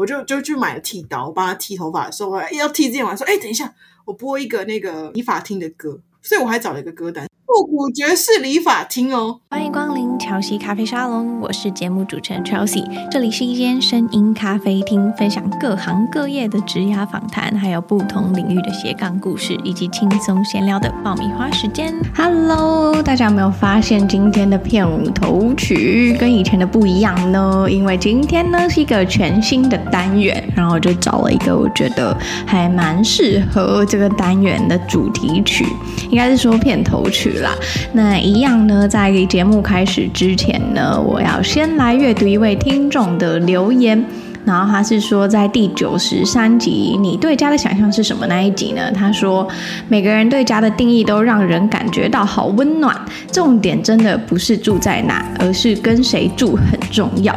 我就就去買了剃刀，我幫他剃頭髮的時候，要剃之前我說：“哎、欸，等一下，我播一個那個理髮廳的歌。”所以我還找了一個歌單。復古爵士理髮廳哦。歡迎光臨喬西咖啡沙龍，我是節目主持人喬西，這裡是一間聲音咖啡廳，分享各行各業的職涯訪談，還有不同領域的斜槓故事，以及輕鬆閒聊的爆米花時間。Hello，大家有沒有發現今天的片舞頭曲跟以前的不一樣呢？因為今天呢是一個全新的單元，然後就找了一個我覺得還蠻適合這個單元的主題曲，應該是說片頭曲。那一樣呢？在節目開始之前呢，我要先來閱讀一位聽眾的留言。然後他是說，在第九十三集，你對家的想象是什麼那一集呢？他說，每個人對家的定義都讓人感覺到好溫暖。重點真的不是住在哪，而是跟誰住很重要。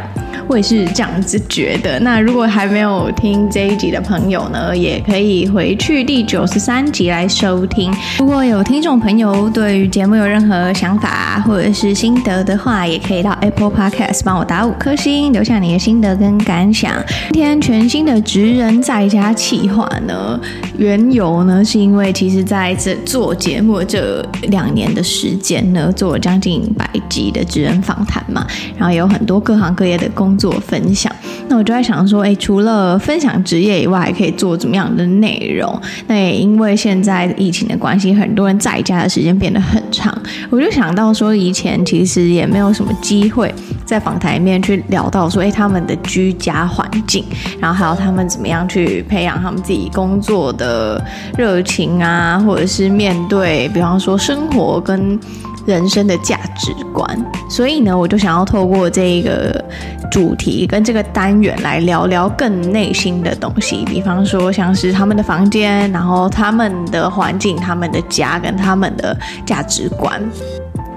會是這樣子覺得。那如果還沒有聽這一集的朋友呢，也可以回去第九十三集來收聽。如果有聽眾朋友對於節目有任何想法啊，或者是心得的話，也可以到 Apple Podcast 幫我打五顆星，留下你的心得跟感想。今天全新的職人在家企劃呢，緣由呢是因為其實在這做節目這兩年的時間呢，做了將近百集的職人訪談嘛，然後有很多各行各業的工作。做分享，那我就在想說，誒、欸，除了分享職業以外，可以做怎麼樣的內容？那也因為現在疫情的關係，很多人在家的時間變得很長，我就想到說，以前其實也沒有什麼機會在訪談裡面去聊到說，誒、欸，他們的居家環境，然後還有他們怎麼樣去培養他們自己工作的熱情啊，或者是面對，比方說生活跟人生的價值觀，所以呢，我就想要透過這個主題跟這個單元來聊聊更內心的東西，比方說像是他們的房間，然後他們的環境、他們的家跟他們的價值觀。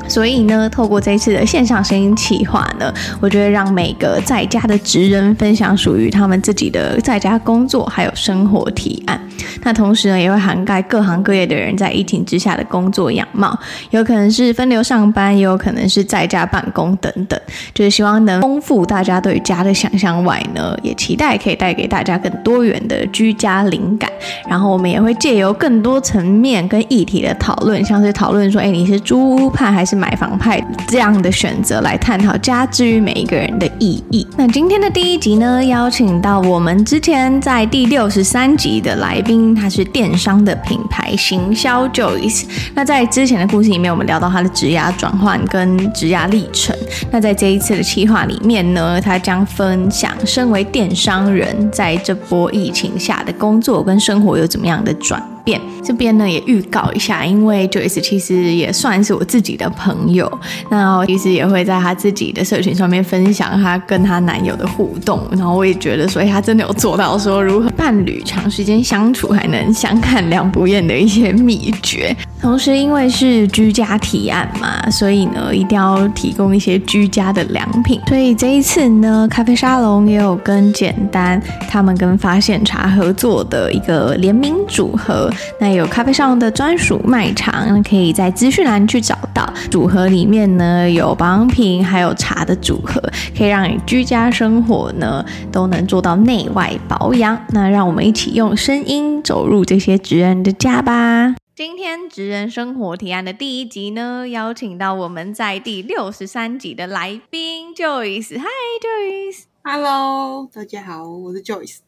所以呢，透過這一次的線上聲音企劃呢，我就會讓每個在家的職人分享屬於他們自己的在家工作還有生活提案。那同時呢，也會涵蓋各行各業的人在疫情之下的工作樣貌，有可能是分流上班，也有可能是在家辦公等等。就是希望能豐富大家對家的想象外呢，也期待可以帶給大家更多元的居家靈感。然後我們也會借由更多層面跟議題的討論，像是討論說，哎、欸，你是租屋派還是？買房派這樣的選擇來探討家之於每一個人的意義。那今天的第一集呢，邀請到我們之前在第六十三集的來賓，他是電商的品牌行銷 Joyce。那在之前的故事裡面，我們聊到他的職涯轉換跟職涯歷程。那在這一次的企劃裡面呢，他將分享身為電商人在這波疫情下的工作跟生活有怎麼樣的轉換。這邊呢，也預告一下，因為九 S 其實也算是我自己的朋友，那我其實也會在她自己的社群上面分享她跟她男友的互動，然後我也覺得所以她真的有做到說如何伴侶長時間相處還能相看兩不厭的一些秘訣。同時，因為是居家提案嘛，所以呢，一定要提供一些居家的良品。所以這一次呢，咖啡沙龍也有跟簡單、他們跟發現茶合作的一個聯名組合。那有咖啡沙龍的專屬賣場，可以在資訊欄去找到。組合裡面呢，有保養品，還有茶的組合，可以讓你居家生活呢都能做到內外保養。那讓我們一起用聲音走入這些職人的家吧。今天《職人生活提案》的第一集呢，邀請到我們在第六十三集的來賓 Joyce。Hi，Joyce。Hello，大家好，我是 Joyce。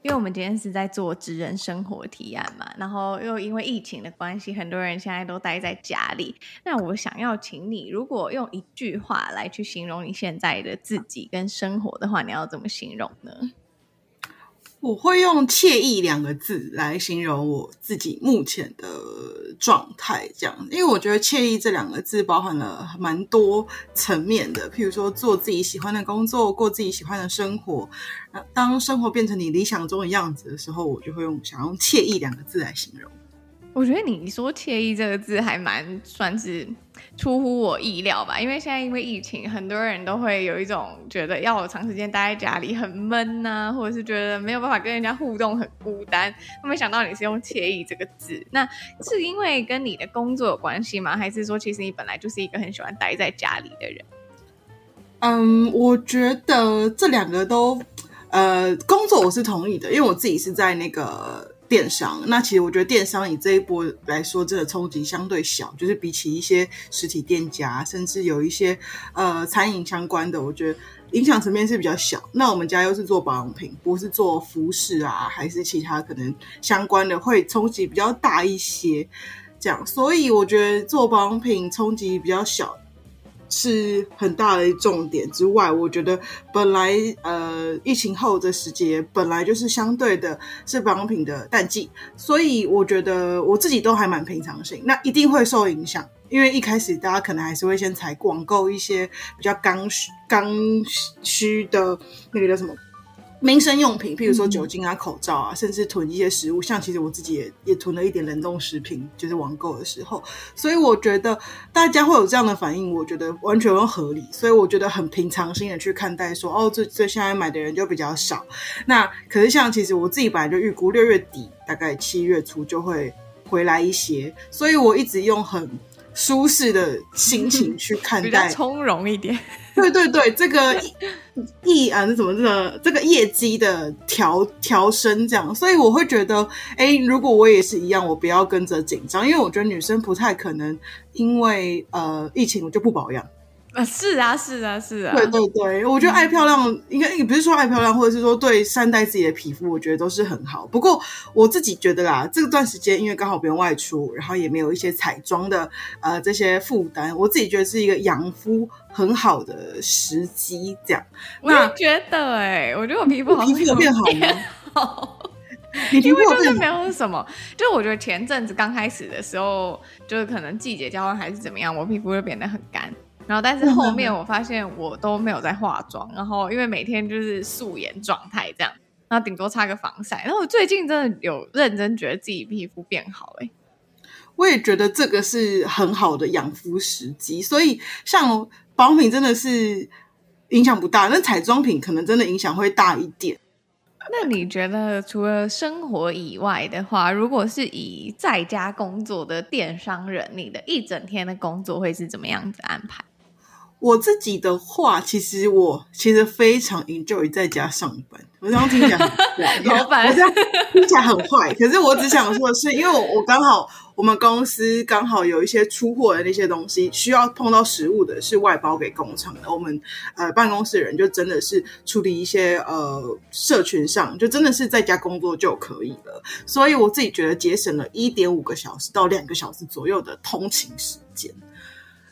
因為我們今天是在做《職人生活提案》嘛，然後又因為疫情的關係，很多人現在都待在家裡。那我想要請你，如果用一句話來去形容你現在的自己跟生活的話，你要怎麼形容呢？我會用“愜意”兩個字來形容我自己目前的狀態，這樣，因為我覺得“愜意”這兩個字包含了蠻多層面的，譬如說做自己喜歡的工作，過自己喜歡的生活。當生活變成你理想中的樣子的時候，我就會用想用“愜意”兩個字來形容。我覺得你說“愜意”這個字還蠻算是，出乎我意料吧，因為現在因為疫情，很多人都會有一種覺得要我長時間待在家裡很悶吶、啊，或者是覺得沒有辦法跟人家互動，很孤單。我沒想到你是用“愜意”這個字，那是因為跟你的工作有關係嗎？還是說其實你本來就是一個很喜歡待在家裡的人？嗯，我覺得這兩個都，呃，工作我是同意的，因為我自己是在那個。電商，那其實我覺得電商以這一波來說，真的衝擊相對小，就是比起一些實體店家，甚至有一些呃餐飲相關的，我覺得影響層面是比較小。那我們家又是做保養品，不是做服飾啊，還是其他可能相關的，會衝擊比較大一些，這樣。所以我覺得做保養品衝擊比較小。是很大的重點之外，我覺得本來呃疫情後的時節本來就是相對的是保養品的淡季，所以我覺得我自己都還蠻平常心。那一定會受影響，因為一開始大家可能還是會先採廣購一些比較剛需剛需的那個叫什麼？民生用品，譬如說酒精啊、嗯、口罩啊，甚至囤一些食物，像其實我自己也也囤了一點冷凍食品，就是網購的時候。所以我覺得大家會有這樣的反應，我覺得完全合理。所以我覺得很平常心的去看待說，說哦，這這現在買的人就比較少。那可是像其實我自己本來就預估六月底大概七月初就會回來一些，所以我一直用很。舒適的心情去看待，比較從容一點。對對對，這個意啊，這怎麼這個這個業績的調調升這樣，所以我會覺得，哎、欸，如果我也是一樣，我不要跟着緊張，因為我覺得女生不太可能因為呃疫情我就不保養。啊，是啊，是啊，是啊。對對對，我覺得愛漂亮、嗯、應該也不是說愛漂亮，或者是說對善待自己的皮膚，我覺得都是很好。不過我自己覺得啦，這段時間因為剛好不用外出，然後也沒有一些彩妝的呃這些負擔，我自己覺得是一個養膚很好的時機。這樣，嗯，我也覺得哎、欸，我覺得我皮膚好，皮膚有變好嗎？因為皮膚真的沒有什麼，就我覺得前陣子剛開始的時候，就是可能季節交換還是怎麼樣，我皮膚會變得很乾。然後，但是後面我發現我都沒有在化妝、嗯嗯，然後因為每天就是素顏狀態這樣，然後頂多擦個防曬。然後我最近真的有認真覺得自己皮膚變好哎、欸，我也覺得這個是很好的養膚時機。所以像保養品真的是影響不大，那彩妝品可能真的影響會大一點。那你覺得除了生活以外的話，如果是以在家工作的電商人，你的一整天的工作會是怎麼樣子安排？我自己的話，其實我其實非常 enjoy 在家上班。我這樣聽起來很壞。 老闆，聽起來很壞。可是我只想說的是，因為我剛好，我們公司剛好有一些出貨的那些東西需要碰到實物的，是外包給工廠的。我們呃辦公室人就真的是處理一些呃社群上，就真的是在家工作就可以了。所以我自己覺得節省了一點五個小時到兩個小時左右的通勤時間。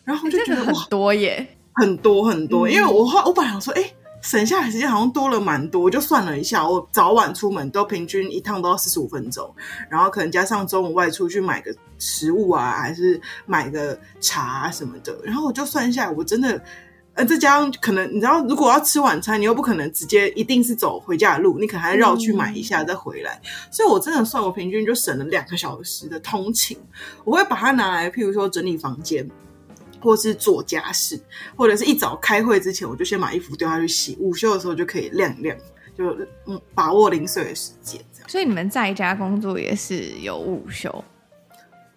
然後我就覺得哇，欸這個、很多耶，很多很多。嗯、因為我我本來想說，哎、欸，省下來時間好像多了蠻多。我就算了一下，我早晚出門都平均一趟都要四十五分鐘，然後可能加上中午外出去買個食物啊，還是買個茶、啊、什麼的。然後我就算一下，我真的，呃，再加上可能你知道，如果要吃晚餐，你又不可能直接一定是走回家的路，你可能還繞去買一下再回來。嗯、所以我真的算我平均就省了兩個小時的通勤。我會把它拿來，譬如說整理房間。或是做家事，或者是一早開會之前，我就先把衣服丟下去洗，午休的時候就可以晾一晾，就嗯、把握零碎的時間這樣。所以你們在家工作也是有午休？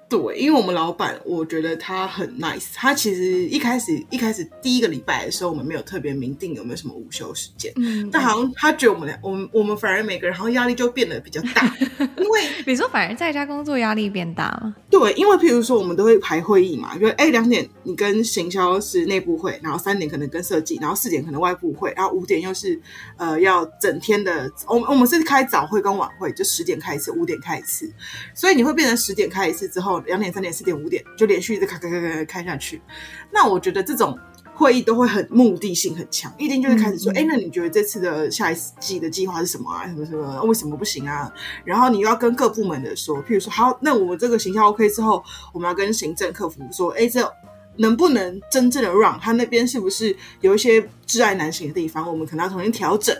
對，因為我們老闆，我覺得他很 nice。他其實一開始一開始第一個禮拜的時候，我們沒有特別明定有沒有什麼午休時間。嗯，但好像他覺得我們倆，我們我們反而每個人好像壓力就變得比較大。 因為你說，反而在家工作壓力變大了。對，因為譬如說我們都會排會議嘛，比如說哎兩點你跟行銷是內部會，然後三點可能跟設計，然後四點可能外部會，然後五點又是呃要整天的。我們我們是開早會跟晚會，就十點開一次，五點開一次，所以你會變成十點開一次之後，兩點、三點、四點、五點，就連續一直咔咔咔咔開下去。那我覺得這種會議都會很目的性很強，一定就會開始說，哎、嗯嗯欸，那你覺得這次的下一季的計劃是什麼啊？什麼什麼、哦？為什麼不行啊？然後你又要跟各部門的說，譬如說，好，那我們這個形象 OK 之後，我們要跟行政、客服說，哎、欸，這能不能真正的 run，他那邊是不是有一些窒礙難行的地方？我們可能要重新調整。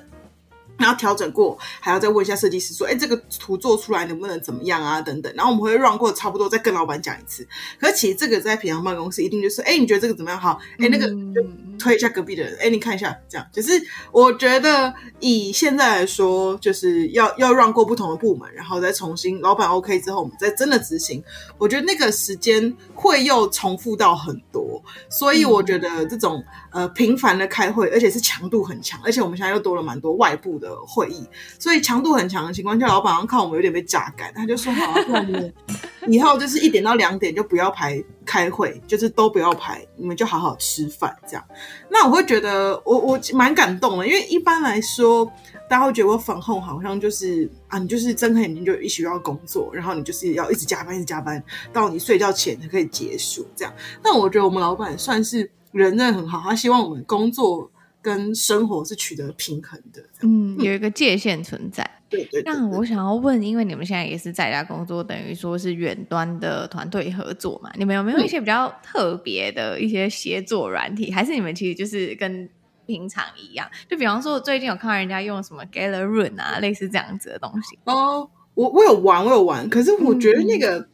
然後調整過，還要再問一下設計師說：“哎，這個圖做出來能不能怎麼樣啊？等等。”然後我們會 run 過差不多，再跟老闆講一次。可是其實這個在平常辦公室一定就是：“哎，你覺得這個怎麼樣？好，哎，那個。嗯”推一下隔壁的人，哎，你看一下，這樣，就是我覺得以現在來說，就是要要讓過不同的部門，然後再重新老板 OK 之後，我們再真的執行。我覺得那個時間會又重複到很多，所以我覺得這種、嗯、呃頻繁的開會，而且是強度很強，而且我們現在又多了蠻多外部的會議，所以強度很強的情況下，老板看我們有點被榨乾，他就說好。 以後就是一點到兩點就不要排開會，就是都不要排，你們就好好吃飯這樣。那我會覺得我我蠻感動的，因為一般來說大家會覺得我粉控好像就是啊，你就是睜開眼睛就一起要工作，然後你就是要一直加班一直加班到你睡覺前才可以結束這樣。那我覺得我們老板算是人真的很好，他希望我們工作跟生活是取得平衡的，嗯，有一個界限存在。那我想要問，因為你們現在也是在家工作，等於說是遠端的團隊合作嘛？你們有沒有一些比較特別的一些協作軟體？嗯、還是你們其實就是跟平常一樣？就比方說，我最近有看到人家用什麼 Gather Run 啊，類似這樣子的東西。哦、oh，我我有玩，我有玩，可是我覺得那個。嗯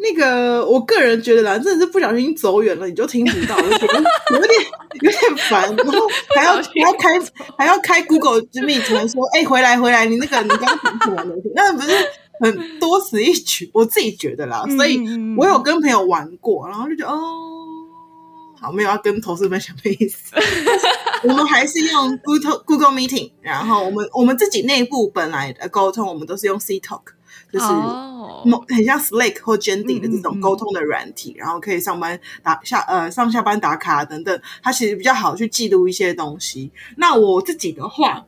那個，我個人覺得啦，真的是不小心走遠了，你就聽不到我就覺得有，有點有點煩，然後還要還要開還要開 Google Meeting，說哎、欸、回來回來，你那個你剛剛聽出東西，那不是很多此一舉，我自己覺得啦，所以我有跟朋友玩過，然後就覺得、嗯、哦，好沒有要跟同事分享的意思，但是我們還是用 Google Google Meeting，然後我們我們自己內部本來的溝通，我們都是用 C Talk。就是某很像 Slack 或 Jandi 的這種溝通的軟體，嗯嗯嗯，然後可以上班打下呃上下班打卡等等，他其實比較好去記錄一些東西。那我自己的話，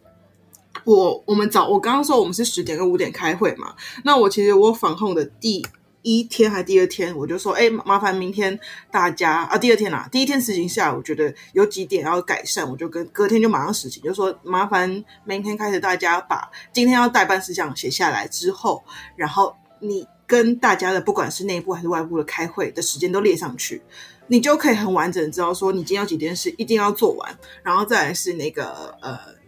我我們早我剛剛說我們是十點跟五點開會嘛，那我其實我防控的第。一天還第二天，我就說，哎、欸，麻煩明天大家啊，第二天啦、啊，第一天實行下來，我覺得有幾點要改善，我就跟隔天就馬上實行，就說麻煩明天開始大家把今天要代辦事項寫下來之後，然後你跟大家的不管是內部還是外部的開會的時間都列上去，你就可以很完整知道說你今天有幾件事一定要做完，然後再來是那個呃。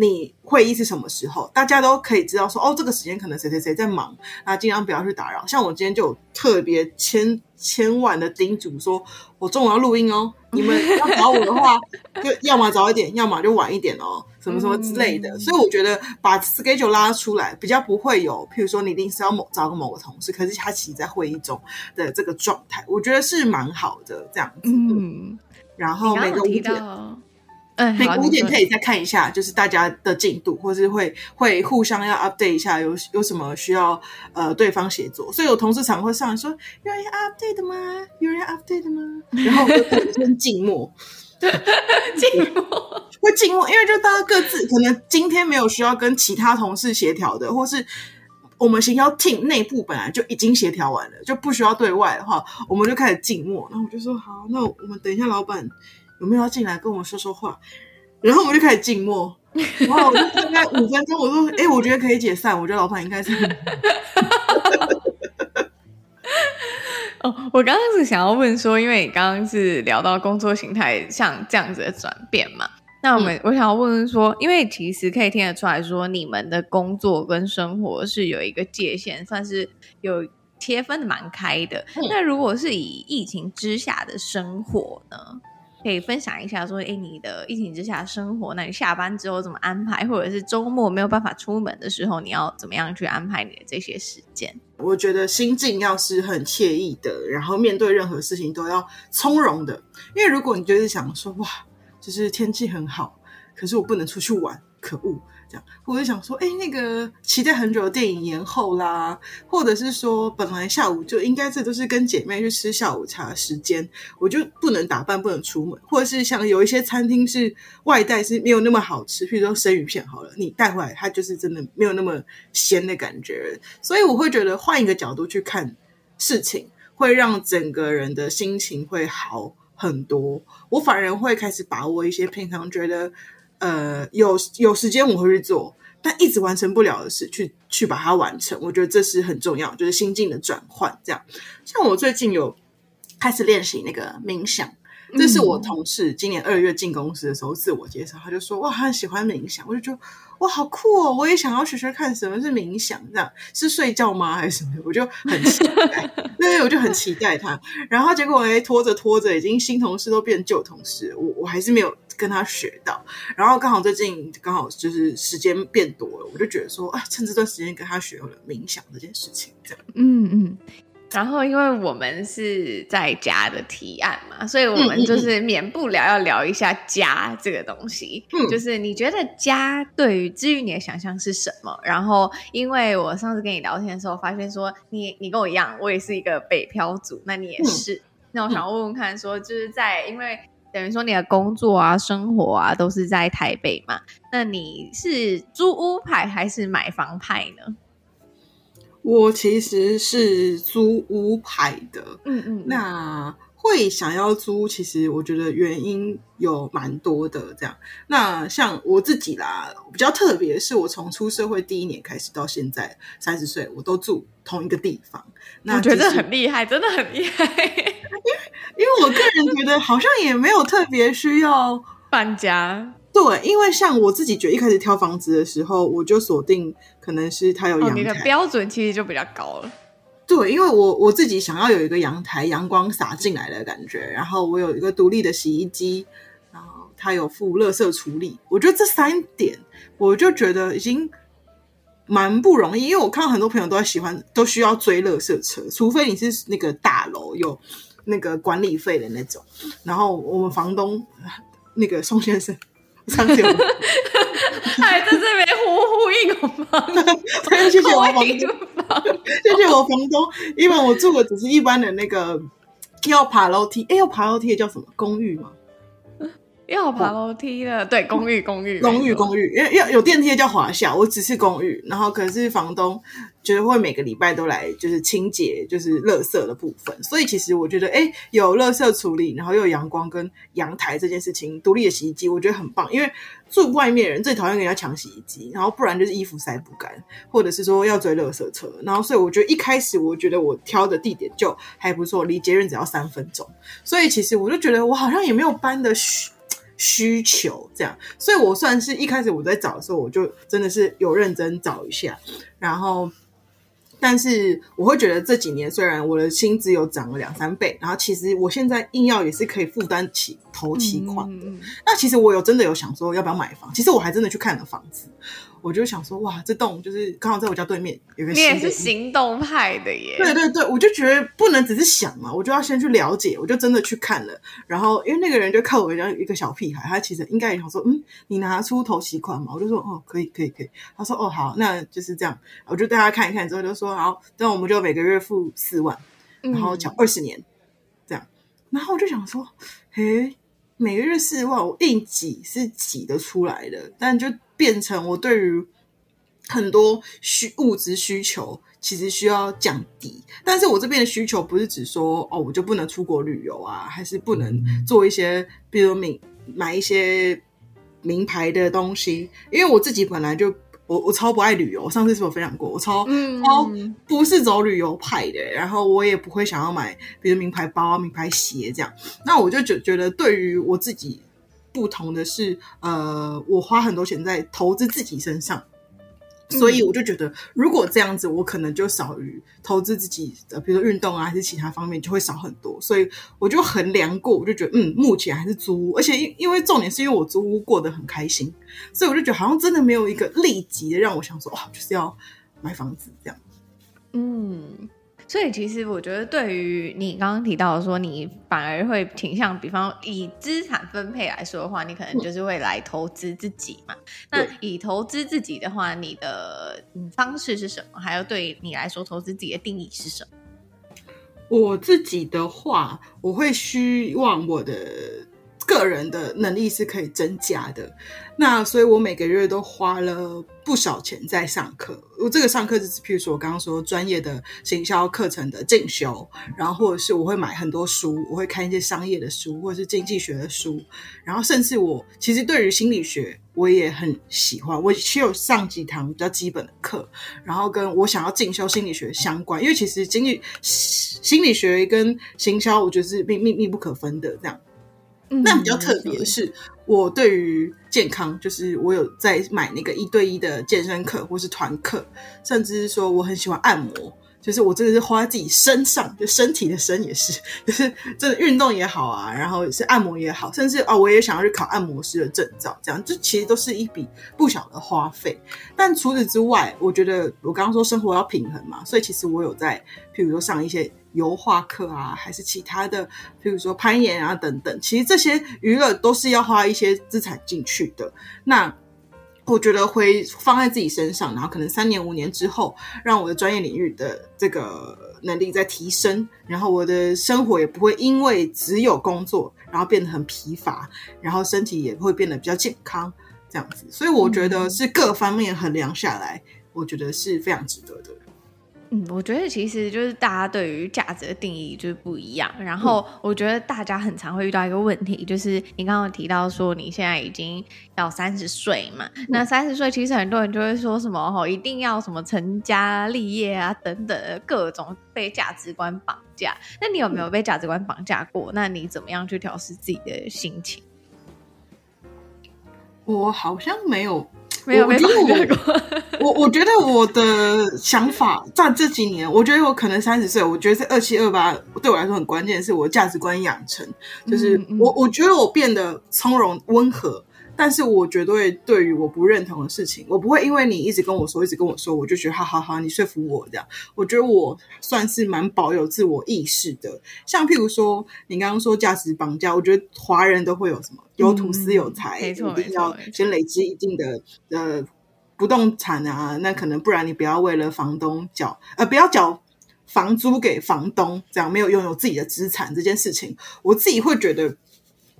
你會議是什麼時候？大家都可以知道說，哦，這個時間可能誰誰誰在忙,那、啊、盡量不要去打擾。像我今天就有特別千千萬的叮囑說，說我中午要錄音哦，你們要找我的話， 就要麼早一點，要麼就晚一點哦，什麼什麼之類的、嗯。所以我覺得把 schedule 拉出來，比較不會有，譬如說你一定是要找某找個某個同事，可是他其實在會議中的這個狀態，我覺得是蠻好的這樣子。嗯，然後每個五點。每五點可以再看一下，就是大家的進度，或是會會互相要 update 一下有，有有什麼需要呃對方協作。所以有同事常會上來說，有人要 update 的嗎？有人要 update 的嗎？然後我就們就跟靜默， 靜默會 靜默，因為就大家各自可能今天沒有需要跟其他同事協調的，或是我們行銷 team 內部本來就已經協調完了，就不需要對外的話，我們就開始靜默。然後我就說好，那我們等一下老闆，有沒有要進來跟我說說話？然後我們就開始靜默，然後我就大概五分鐘，我說：“哎，我覺得可以解散。”我覺得老闆應該是…… 哦，我剛剛是想要問說，因為你剛剛是聊到工作形態像這樣子的轉變嘛？那我們、嗯、我想要問問說，因為其實可以聽得出來說，你們的工作跟生活是有一個界限，算是有切分的蠻開的、嗯。那如果是以疫情之下的生活呢？可以分享一下，說，哎、欸，你的疫情之下生活，那你下班之後怎麼安排，或者是週末沒有辦法出門的時候，你要怎麼樣去安排你的這些時間？我覺得心境要是很愜意的，然後面對任何事情都要從容的，因為如果你就是想說，哇，就是天氣很好，可是我不能出去玩，可惡。或者想說，哎、欸，那個期待很久的電影延後啦，或者是說本來下午就應該這都是跟姐妹去吃下午茶的時間，我就不能打扮，不能出門，或者是像有一些餐廳是外帶是沒有那麼好吃，譬如說生魚片好了，你帶回來它就是真的沒有那麼鮮的感覺，所以我會覺得換一個角度去看事情，會讓整個人的心情會好很多。我反而會開始把握一些平常覺得。呃，有有時間我會去做，但一直完成不了的事，去去把它完成，我覺得這是很重要，就是心境的轉換。這樣，像我最近有開始練習那個冥想，這是我同事今年二月進公司的時候自我介紹，他就說，哇，他很喜歡冥想，我就覺得，哇，好酷哦，我也想要學學看什麼是冥想，這樣是睡覺嗎還是什麼的？我就很期待， 對，我就很期待他，然後結果我拖着拖着，已經新同事都變舊同事，我我還是沒有。跟他學到，然後剛好最近剛好就是時間變多了，我就覺得說啊，趁這段時間跟他學了冥想這件事情，這樣，嗯嗯。然後因為我們是在家的提案嘛，所以我們就是免不了要聊一下家這個東西。嗯、就是你覺得家對於之於你的想象是什麼？然後，因為我上次跟你聊天的時候發現說你，你你跟我一樣，我也是一個北漂族，那你也是。嗯、那我想問問看，說就是在因為。等於說你的工作啊、生活啊，都是在台北嘛。那你是租屋派還是買房派呢？我其實是租屋派的。嗯嗯，那。會想要租，其實我覺得原因有蠻多的這樣。那像我自己啦，比較特別是我從出社會第一年開始到現在三十歲，我都住同一個地方。那我覺得很厲害，真的很厲害。 因為因為我個人覺得好像也沒有特別需要搬家。對，因為像我自己覺得一開始挑房子的時候，我就鎖定可能是他有陽台。哦，你的標準其實就比較高了。對，因為我我自己想要有一個陽台，陽光灑進來的感覺，然後我有一個獨立的洗衣機，然後它有附垃圾處理，我覺得這三點我就覺得已經蠻不容易，因為我看很多朋友都在喜歡，都需要追垃圾車，除非你是那個大樓有那個管理費的那種，然後我們房東那個宋先生， 還、 哎、在這邊呼呼應我房東？ 謝謝我房東，房東 謝謝我房東，因為我住的只是一般的那個要爬樓梯，哎，要爬樓梯，欸、要爬樓梯的叫什麼公寓嘛要爬樓梯了，對，公寓公寓公 寓公寓，因為要有電梯叫華廈，我只是公寓，然後可是房東覺得會每個禮拜都來就是清潔，就是垃圾的部分，所以其實我覺得，哎、欸，有垃圾處理，然後又有陽光跟陽臺這件事情，獨立的洗衣機，我覺得很棒，因為住外面人最討厭跟人家搶洗衣機，然後不然就是衣服曬不乾，或者是說要追垃圾車，然後所以我覺得一開始我覺得我挑的地點就還不錯，離捷運只要三分鐘，所以其實我就覺得我好像也沒有搬的。需求這樣，所以我算是一開始我在找的時候，我就真的是有認真找一下，然後，但是我會覺得這幾年雖然我的薪資有漲了兩三倍，然後其實我現在硬要也是可以負擔起投期款的、嗯。那其實我有真的有想說要不要買房，其實我還真的去看了房子。我就想說，哇，這棟就是剛好在我家對面有個。你也是行動派的耶。對對對，我就覺得不能只是想嘛，我就要先去了解，我就真的去看了。然後因為那個人就看我一樣一個小屁孩，他其實應該也想說，嗯，你拿出頭期款嘛？我就說，哦，可以可以可以。他說，哦，好，那就是這樣。我就帶他看一看，之後就說，好，那我們就每個月付四萬，然後繳二十年、嗯，這樣。然後我就想說，嘿。每個月四萬，我硬擠是擠得出來的，但就變成我對於很多需物質需求其實需要降低。但是我這邊的需求不是只說哦，我就不能出國旅遊啊，還是不能做一些，比如說名買一些名牌的東西，因為我自己本來就。我我超不愛旅遊，我上次是不是有分享過？我超、嗯、超不是走旅遊派的，欸，然後我也不會想要買，別的名牌包、名牌鞋這樣。那我就覺覺得，對於我自己不同的是，呃，我花很多錢在投資自己身上。所以我就覺得，如果這樣子，我可能就少於投資自己的，比如說運動啊，還是其他方面就會少很多。所以我就衡量過，我就覺得，嗯，目前還是租屋，而且因因為重點是因為我租屋過得很開心，所以我就覺得好像真的沒有一個立即的讓我想說，哦，就是要買房子這樣嗯。所以，其實我覺得，對於你剛剛提到說，你反而會傾向比方以資產分配來說的話，你可能就是會來投資自己嘛。那以投資自己的話，你的方式是什麼？還有，對你來說，投資自己的定義是什麼？我自己的話，我會希望我的。個人的能力是可以增加的，那所以我每個月都花了不少錢在上課。我這個上課就是，譬如說我剛剛說專業的行銷課程的進修，然後或者是我會買很多書，我會看一些商業的書或者是經濟學的書，然後甚至我其實對於心理學我也很喜歡，我其實有上幾堂比較基本的課，然後跟我想要進修心理學相關，因為其實經濟心理學跟行銷我覺得是密密密不可分的這樣。那比較特別的是，我對於健康，就是我有在買那個一對一的健身課，或是團課，甚至是說我很喜歡按摩，就是我真的是花在自己身上，就身體的身也是，就是真的運動也好啊，然後也是按摩也好，甚至啊我也想要去考按摩師的證照，這樣，這其實都是一筆不小的花費。但除此之外，我覺得我剛剛說生活要平衡嘛，所以其實我有在，譬如說上一些。油畫課啊，還是其他的，比如說攀岩啊等等，其實這些娛樂都是要花一些資產進去的。那我覺得會放在自己身上，然後可能三年五年之後，讓我的專業領域的這個能力再提升，然後我的生活也不會因為只有工作，然後變得很疲乏，然後身體也會變得比較健康，這樣子。所以我覺得是各方面衡量下來，嗯、我覺得是非常值得的。嗯，我覺得其實就是大家對於價值的定義就是不一樣。然後我覺得大家很常會遇到一個問題，嗯、就是你剛剛提到說你現在已經要三十歲嘛，嗯、那三十歲其實很多人就會說什麼吼“一定要什麼成家立業啊，等等”，各種被價值觀綁架。那你有沒有被價值觀綁架過、嗯？那你怎麼樣去調適自己的心情？我好像沒有。沒有，我因為我覺 我我覺得我的想法在這幾年，我覺得我可能三十歲，我覺得這二七二八，對我來說很關鍵的是我的價值觀養成，就是我、嗯、我覺得我變得從容溫和。但是，我絕對對於我不認同的事情，我不會因為你一直跟我說，一直跟我說，我就覺得好好好，你說服我這樣。我覺得我算是蠻保有自我意識的。像譬如說，你剛剛說價值綁架，我覺得華人都會有什麼有土斯有財，嗯、沒錯，一定要先累積一定的呃不動產啊，那可能不然你不要為了房東繳呃，不要繳房租給房東，這樣沒有擁有自己的資產這件事情，我自己會覺得。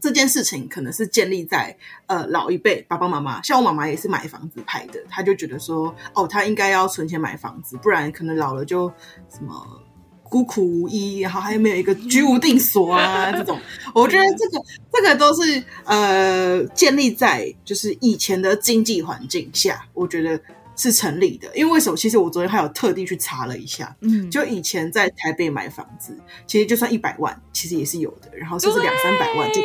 這件事情可能是建立在呃老一輩爸爸媽媽，像我媽媽也是買房子派的，他就覺得說，哦，他應該要存錢買房子，不然可能老了就什麼孤苦無依，然後還有沒有一個居無定所啊這種，我覺得這個、嗯、這個都是呃建立在就是以前的經濟環境下，我覺得。是成立的，因為為什麼？其實我昨天還有特地去查了一下，嗯，就以前在台北買房子，其實就算一百萬，其實也是有的，然後甚至兩三百萬，就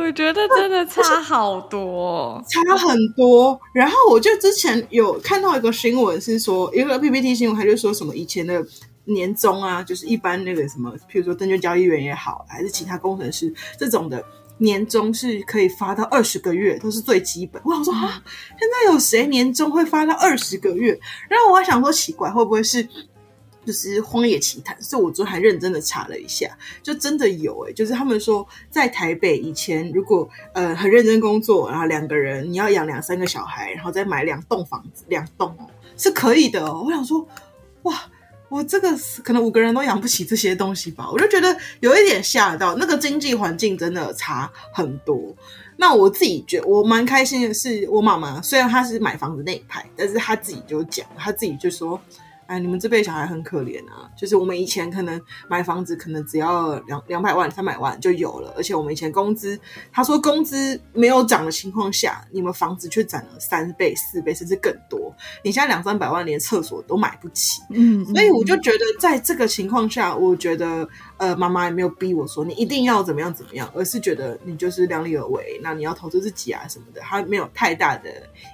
我覺得真的差好多，差很多。然後我就之前有看到一個新聞，是說一個 PPT 新聞，他就說什麼以前的年終啊，就是一般那個什麼，譬如說證券交易員也好，還是其他工程師這種的。年終是可以發到二十個月，都是最基本。我想說啊，現在有誰年終會發到二十個月？然後我還想說奇怪，會不會是就是荒野奇談？所以我昨天還認真的查了一下，就真的有哎、欸，就是他們說在台北以前，如果呃很認真工作，然後兩個人你要養兩三個小孩，然後再買兩棟房子，兩棟哦是可以的喔。我想說哇。我這個是可能五個人都養不起這些東西吧，我就覺得有一點嚇得到，那個經濟環境真的差很多。那我自己覺得我蠻開心的是，我媽媽雖然她是買房子那一派，但是她自己就講，她自己就說。哎，你們這輩小孩很可憐啊！就是我們以前可能買房子，可能只要兩兩百萬、三百萬就有了，而且我們以前工資，他說工資沒有漲的情況下，你們房子卻漲了三倍、四倍，甚至更多。你現在兩三百萬連廁所都買不起，嗯，嗯，嗯，所以我就覺得，在這個情況下，我覺得，呃，媽媽也沒有逼我說你一定要怎麼樣怎麼樣，而是覺得你就是量力而為，那你要投資自己啊什麼的，他沒有太大的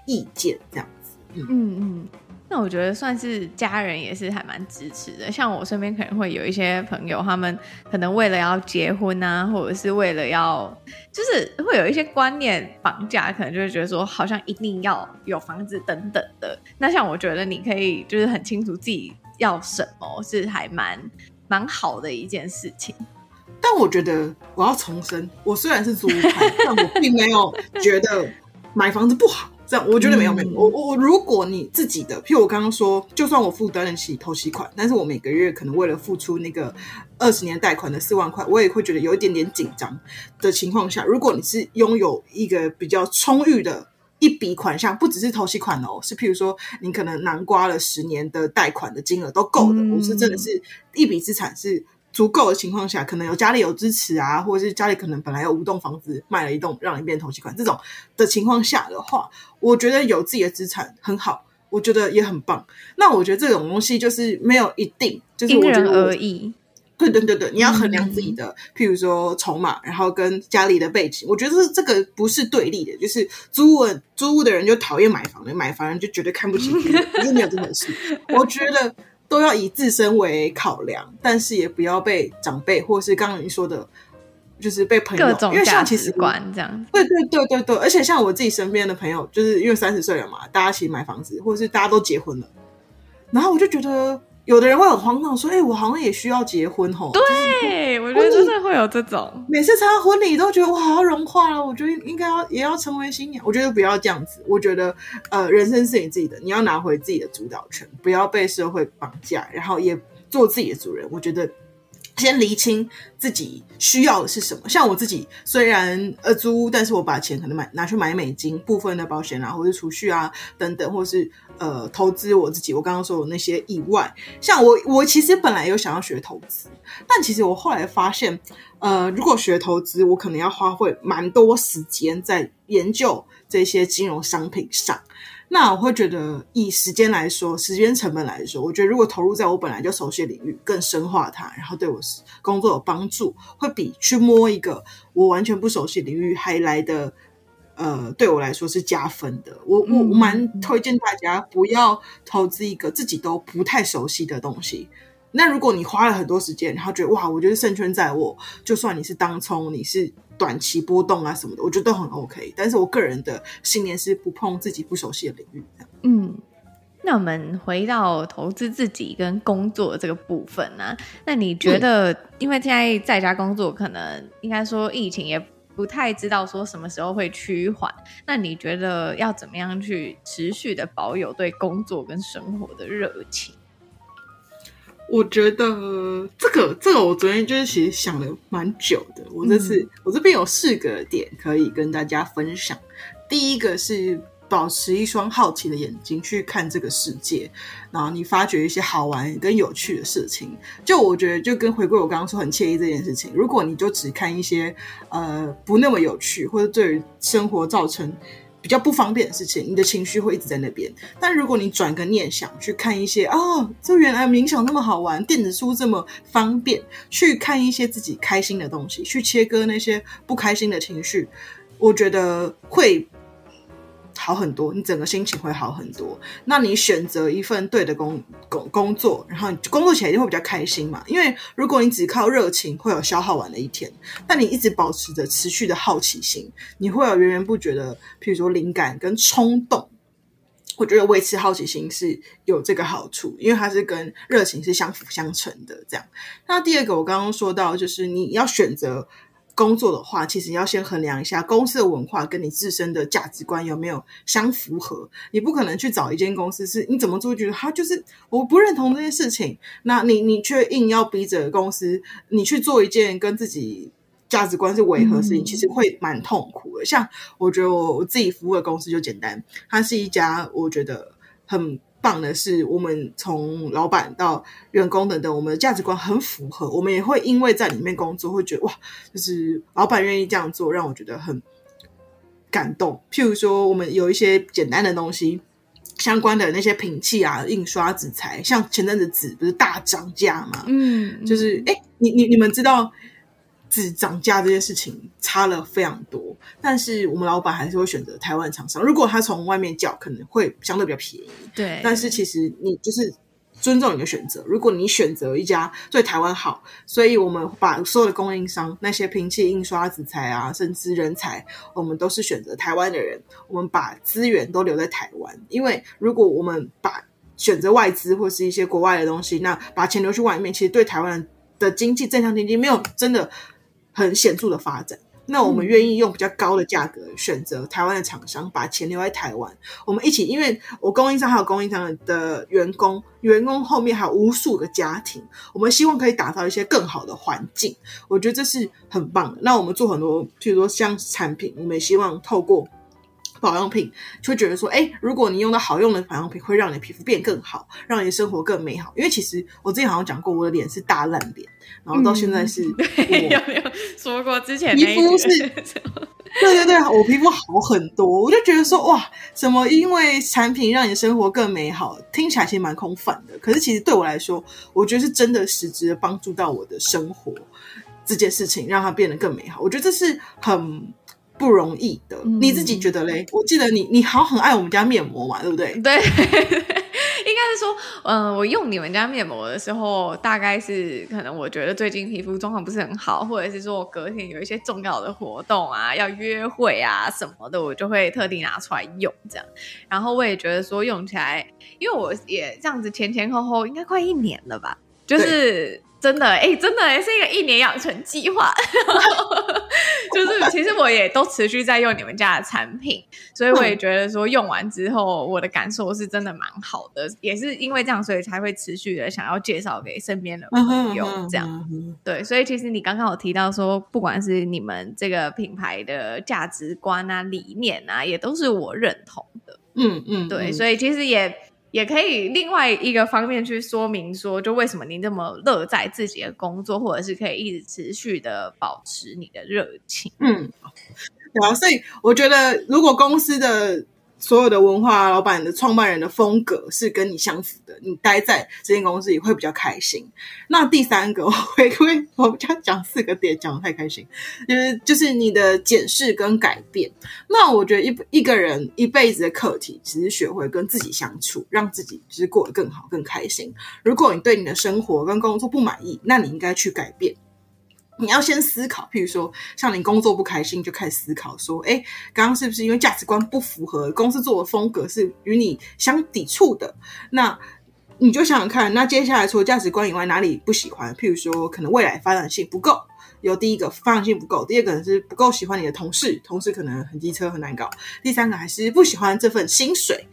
意見，這樣子，嗯嗯嗯。那我覺得算是家人也是還蠻支持的，像我身邊可能會有一些朋友，他們可能為了要結婚啊，或者是為了要，就是會有一些觀念綁架，可能就會覺得說好像一定要有房子等等的。那像我覺得你可以就是很清楚自己要什麼，是還蠻蠻好的一件事情。但我覺得我要重申，我雖然是租屋， 但我並沒有覺得買房子不好。這樣我覺得沒有沒有，嗯，我我我，如果你自己的，譬如，我剛剛說，就算我負擔得起頭期款，但是我每個月可能為了付出那個二十年貸款的四萬塊，我也會覺得有一點點緊張的情況下，如果你是擁有一個比較充裕的一筆款項，不只是頭期款哦，是譬如說你可能囊括了十年的貸款的金額都夠的，我，嗯、是真的是一筆資產是，足夠的情況下，可能有家裡有支持啊，或者是家裡可能本來有五棟房子，賣了一棟，讓你變頭期款。這種的情況下的話，我覺得有自己的資產很好，我覺得也很棒。那我覺得這種東西就是沒有一定，就是我覺得我因人而異。對對對對，你要衡量自己的、嗯，譬如說籌碼，然後跟家裡的背景。我覺得這個不是對立的，就是租屋租屋的人就討厭買房的，買房人就絕對看不起你，有沒有這種事？ 我覺得。都要以自身為考量，但是也不要被長輩或是剛剛你說的，就是被朋友，因為像其實，這樣，對對對對對。而且像我自己身邊的朋友，就是因為三十歲了嘛，大家一起買房子，或者是大家都結婚了，然後我就覺得。有的人會很慌張，說：“哎、欸，我好像也需要結婚吼。”對，我覺得真的會有這種，每次參加婚禮都覺得我好要融化了。我覺得應該要也要成為新娘，我覺得不要這樣子。我覺得，呃，人生是你自己的，你要拿回自己的主導權，不要被社會綁架，然後也做自己的主人。我覺得。先釐清自己需要的是什麼。像我自己，雖然呃租，但是我把錢可能買拿去買美金部分的保險啊，或者是儲蓄啊等等，或是呃投資我自己。我剛剛說的那些意外，像我我其實本來有想要學投資，但其實我後來發現，呃，如果學投資，我可能要花費蠻多時間在研究這些金融商品上。那我會覺得，以時間來說，時間成本來說，我覺得如果投入在我本來就熟悉的領域，更深化它，然後對我工作有幫助，會比去摸一個我完全不熟悉的領域還來得，呃，對我來說是加分的。我我我蠻推薦大家不要投資一個自己都不太熟悉的東西。那如果你花了很多時間，然後覺得哇，我覺得勝券在握，就算你是當沖，你是。短期波動啊什麼的，我覺得都很 OK。但是我個人的信念是不碰自己不熟悉的領域。嗯，那我們回到投資自己跟工作這個部分呢、啊？那你覺得，因為現在在家工作，可能應該說疫情也不太知道說什麼時候會趨緩。那你覺得要怎麼樣去持續的保有對工作跟生活的熱情？我覺得這個這個，我昨天就是其實想了蠻久的。我這次、嗯、我這邊有四個點可以跟大家分享。第一個是保持一雙好奇的眼睛去看這個世界，然後你發覺一些好玩跟有趣的事情。就我覺得，就跟回歸我剛剛說很愜意這件事情。如果你就只看一些呃不那麼有趣，或者對於生活造成比較不方便的事情，你的情緒會一直在那邊。但如果你轉個念想，去看一些啊、哦，這原來冥想那麼好玩，電子書這麼方便，去看一些自己開心的東西，去切割那些不開心的情緒，我覺得會。好很多，你整個心情會好很多。那你選擇一份對的工工工作，然後你工作起來就會比較開心嘛。因為如果你只靠熱情，會有消耗完的一天。但你一直保持着持續的好奇心，你會有源源不絕的，譬如說靈感跟衝動。我覺得維持好奇心是有這個好處，因為它是跟熱情是相輔相成的。這樣。那第二個，我剛剛說到，就是你要選擇。工作的話，其實你要先衡量一下公司的文化跟你自身的價值觀有沒有相符合。你不可能去找一間公司是，是你怎麼做覺得他就是我不認同這件事情，那你你卻硬要逼着公司你去做一件跟自己價值觀是違和的事情，其實會蠻痛苦的。嗯、像我覺得我我自己服務的公司就簡單，它是一家我覺得很的是我們從老闆到員工等等，我們的價值觀很符合。我們也會因為在裡面工作，會覺得哇，就是老闆願意這樣做，讓我覺得很感動。譬如說，我們有一些簡單的東西相關的那些品器啊、印刷紙材，像前陣子紙不是大漲價嘛，嗯，就是哎、欸，你你你們知道。只漲價這件事情差了非常多，但是我們老闆還是會選擇台灣廠商。如果他從外面叫，可能會相對比較便宜。對，但是其實你就是尊重你的選擇。如果你選擇一家對台灣好，所以我們把所有的供應商、那些噴氣印刷紙材啊，甚至人才，我們都是選擇台灣的人。我們把資源都留在台灣，因為如果我們把選擇外資或是一些國外的東西，那把錢流去外面，其實對台灣的經濟正向經濟沒有真的。很顯著的發展，那我們願意用比較高的價格選擇台灣的廠商，把錢留在台灣。我們一起，因為我供應商還有供應商的員工，員工後面還有無數個家庭，我們希望可以打造一些更好的環境。我覺得這是很棒的。那我們做很多，譬如說像產品，我們也希望透過保養品，就會覺得說，哎、欸，如果你用到好用的保養品，會讓你的皮膚變更好，讓你的生活更美好。因為其實我之前好像講過，我的臉是大爛臉。然後到現在是對，有沒有說過之前皮膚是？對對對、啊，我皮膚好很多，我就覺得說哇，什麼因為產品讓你的生活更美好，聽起來其實蠻空泛的。可是其實對我來說，我覺得是真的實質的幫助到我的生活這件事情，讓它變得更美好。我覺得這是很不容易的，嗯、你自己覺得嘞？我記得你你好很愛我們家面膜嘛，對不對？對。對應該是說，嗯，我用你們家面膜的時候，大概是可能我覺得最近皮膚狀況不是很好，或者是說我隔天有一些重要的活動啊，要約會啊什麼的，我就會特地拿出來用這樣。然後我也覺得說用起來，因為我也這樣子前前後後應該快一年了吧，就是。真的哎、欸，真的哎，是一個一年養成計劃， 就是其實我也都持續在用你們家的產品，所以我也覺得說用完之後我的感受是真的蠻好的，也是因為這樣，所以才會持續的想要介紹給身邊的朋友，這樣、嗯嗯嗯嗯、對。所以其實你剛剛有提到說，不管是你們這個品牌的價值觀啊、理念啊，也都是我認同的，嗯嗯、嗯，對，所以其實也。也可以另外一個方面去說明說，就為什麼你這麼樂在自己的工作，或者是可以一直持續的保持你的熱情。嗯，好啊，所以我覺得如果公司的。所有的文化，老闆的創辦人的風格是跟你相符的，你待在這間公司也會比較開心。那第三個，我會，我不要講四個點，講的太開心，就是就是你的檢視跟改變。那我覺得一一個人一輩子的課題，只是學會跟自己相處，讓自己就是過得更好，更開心。如果你對你的生活跟工作不滿意，那你應該去改變。你要先思考，譬如說，像你工作不開心，就開始思考說，哎、欸，剛剛是不是因為價值觀不符合公司做的風格，是與你相抵觸的？那你就想想看，那接下來除了價值觀以外，哪裡不喜歡？譬如說，可能未來發展性不夠，有第一個發展性不夠，第二個是不夠喜歡你的同事，同事可能很機車很難搞，第三個還是不喜歡這份薪水。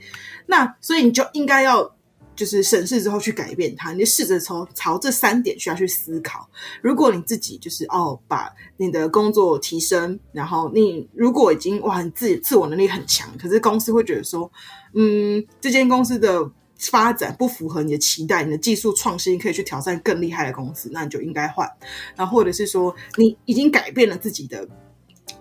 那所以你就應該要。就是審視之後去改變它，你就試着從朝這三點需要去思考。如果你自己就是哦，把你的工作提升，然後你如果已經哇，你自己自我能力很強，可是公司會覺得說，嗯，這間公司的發展不符合你的期待，你的技術創新可以去挑戰更厲害的公司，那你就應該換。然後或者是說，你已經改變了自己的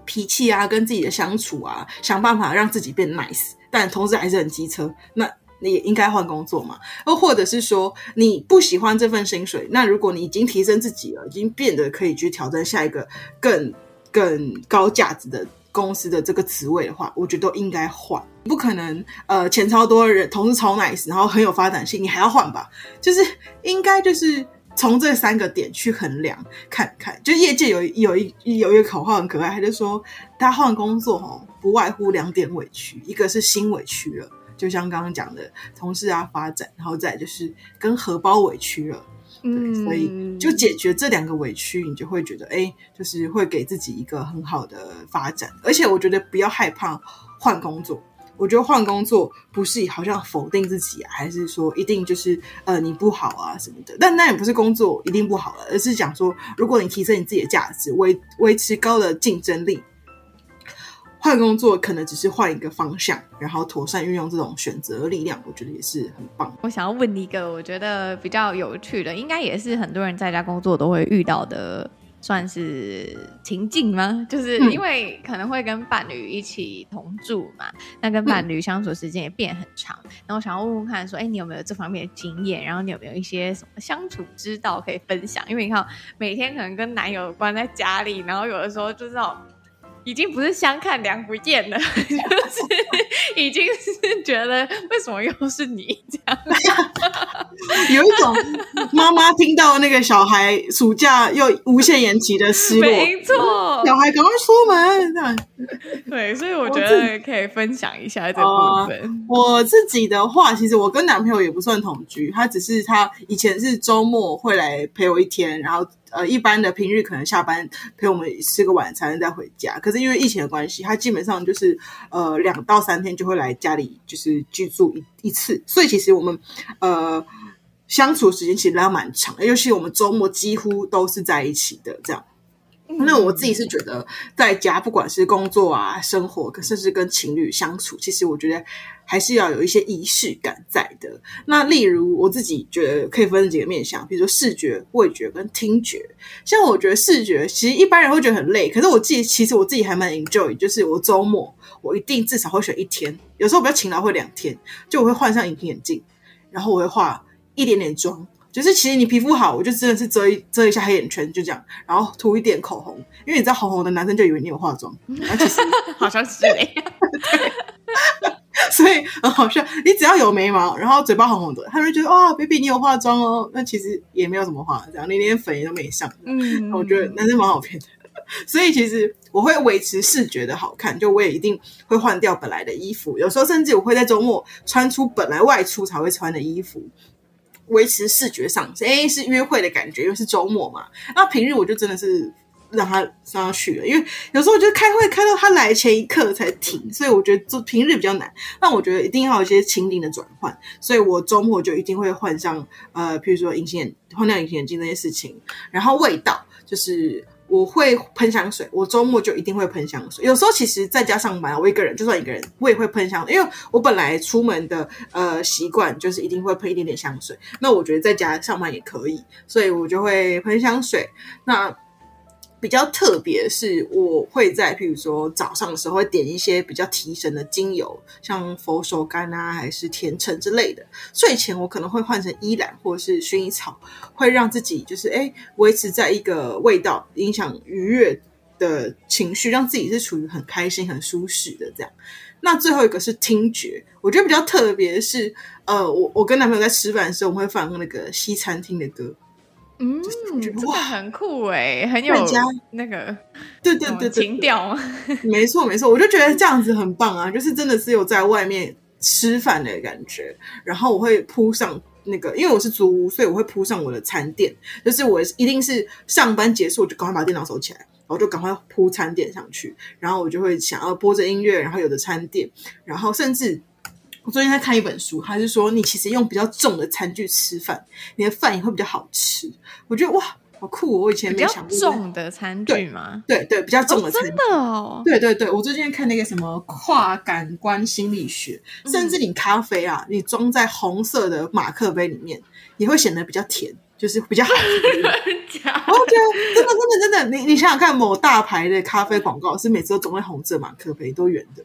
脾氣啊，跟自己的相處啊，想辦法讓自己變 nice，但同時還是很機車，那。你也應該換工作嘛，又或者是說你不喜歡這份薪水。那如果你已經提升自己了，已經變得可以去挑戰下一個更更高價值的公司的這個職位的話，我覺得都應該換。不可能，呃，錢超多的人，同事超 nice，然後很有發展性，你還要換吧？就是應該就是從這三個點去衡量看看。就業界有有一有一個口號很可愛，他就是說他換工作哦，不外乎兩點委屈，一個是心委屈了。就像剛剛講的，同事啊、發展，然後再就是跟荷包委屈了，嗯，所以就解決這兩個委屈，你就會覺得，誒，就是會給自己一個很好的發展。而且我覺得不要害怕換工作，我覺得換工作不是好像否定自己啊，還是說一定就是呃你不好啊什麼的。但那也不是工作一定不好了，啊，而是講說如果你提升你自己的價值，維維持高的競爭力。換工作可能只是換一個方向，然後妥善運用這種選擇力量，我覺得也是很棒。我想要問你一個，我覺得比較有趣的，應該也是很多人在家工作都會遇到的，算是情境嗎？就是因為可能會跟伴侶一起同住嘛，那、嗯、跟伴侶相處的時間也變很長。嗯、然後我想要問問看，說，哎、欸，你有沒有這方面的經驗？然後你有沒有一些什麼相處之道可以分享？因為你看，每天可能跟男友關在家裡，然後有的時候就是。已經不是相看兩不厭了， 就是已經是覺得為什麼又是你這樣，哎？ 有一種媽媽聽到那個小孩暑假又無限延期的失落。沒錯。啊、小孩趕快出門，啊。對，所以我覺得可以分享一下這部分我，呃。我自己的話，其實我跟男朋友也不算同居，他只是他以前是周末會來陪我一天，然後。呃，一般的平日可能下班陪我們吃個晚餐再回家，可是因為疫情的關係，他基本上就是呃兩到三天就會來家裡就是居住一一次，所以其實我們呃相處時間其實還蠻長，尤其我們周末幾乎都是在一起的。這樣，那我自己是覺得在家不管是工作啊、生活，甚至跟情侶相處，其實我覺得。還是要有一些儀式感在的。那例如我自己覺得可以分成幾個面向，比如說視覺、味覺跟聽覺。像我覺得視覺，其實一般人會覺得很累，可是我自己其實我自己還蠻 enjoy，就是我周末我一定至少會選一天，有時候比較勤勞會兩天，就我會換上隱形眼鏡，然後我會化一點點妝，就是其實你皮膚好，我就真的是遮遮一下黑眼圈就這樣，然後塗一點口紅，因為你知道，紅紅的男生就以為你有化妝，而且是好像是這樣 對。 所以好像你只要有眉毛，然後嘴巴很紅的，他就會覺得哇、哦，baby 你有化妝哦。那其實也沒有怎麼化，這樣你連粉也都沒上。嗯，我覺得那是蠻好騙的。所以其實我會維持視覺的好看，就我也一定會換掉本來的衣服。有時候甚至我會在周末穿出本來外出才會穿的衣服，維持視覺上，誒，是約會的感覺，又是周末嘛。那平日我就真的是。讓他讓他去了，因為有時候我覺得開會開到他來前一刻才停，所以我覺得就平日比較難。那我覺得一定要有一些情景的轉換，所以我周末就一定會換上呃，譬如說隱形眼換掉隱形眼鏡這些事情，然後味道就是我會噴香水，我周末就一定會噴香水。有時候其實在家上班，我一個人就算一個人，我也會噴香水，因為我本來出門的呃習慣就是一定會噴一點點香水。那我覺得在家上班也可以，所以我就會噴香水。那。比較特別是，我會在譬如說早上的時候會點一些比較提神的精油，像佛手柑啊，還是甜橙之類的。睡前我可能會換成依蘭或者是薰衣草，會讓自己就是，哎，維持在一個味道，影響愉悅的情緒，讓自己是處於很開心、很舒適的這樣。那最後一個是聽覺，我覺得比較特別是，呃，我我跟男朋友在吃飯的時候，我會放那個西餐廳的歌。嗯，真的很酷哎、欸，很有人家那個，對對對，對，對情調，沒錯沒錯，我就覺得這樣子很棒啊，就是真的是有在外面吃飯的感覺，然後我會鋪上那個，因為我是租屋，所以我會鋪上我的餐墊，就是我一定是上班結束我就趕快把電腦收起來，然後就趕快鋪餐墊上去，然後我就會想要播着音樂，然後有的餐墊，然後甚至。我最近在看一本書，它是說你其實用比較重的餐具吃飯，你的飯也會比較好吃。我覺得哇，好酷、哦！我以前沒想過。重的餐具嗎對對,對，比較重的餐具哦,真的哦，對對對。我最近在看那個什麼跨感官心理學、嗯，甚至你咖啡啊，你裝在紅色的馬克杯裡面，也會顯得比較甜，就是比較好喝。然 後、oh, yeah, 真的真的真的,真的，你你想想看，某大牌的咖啡廣告是每次都裝在紅色馬克杯，都圓的。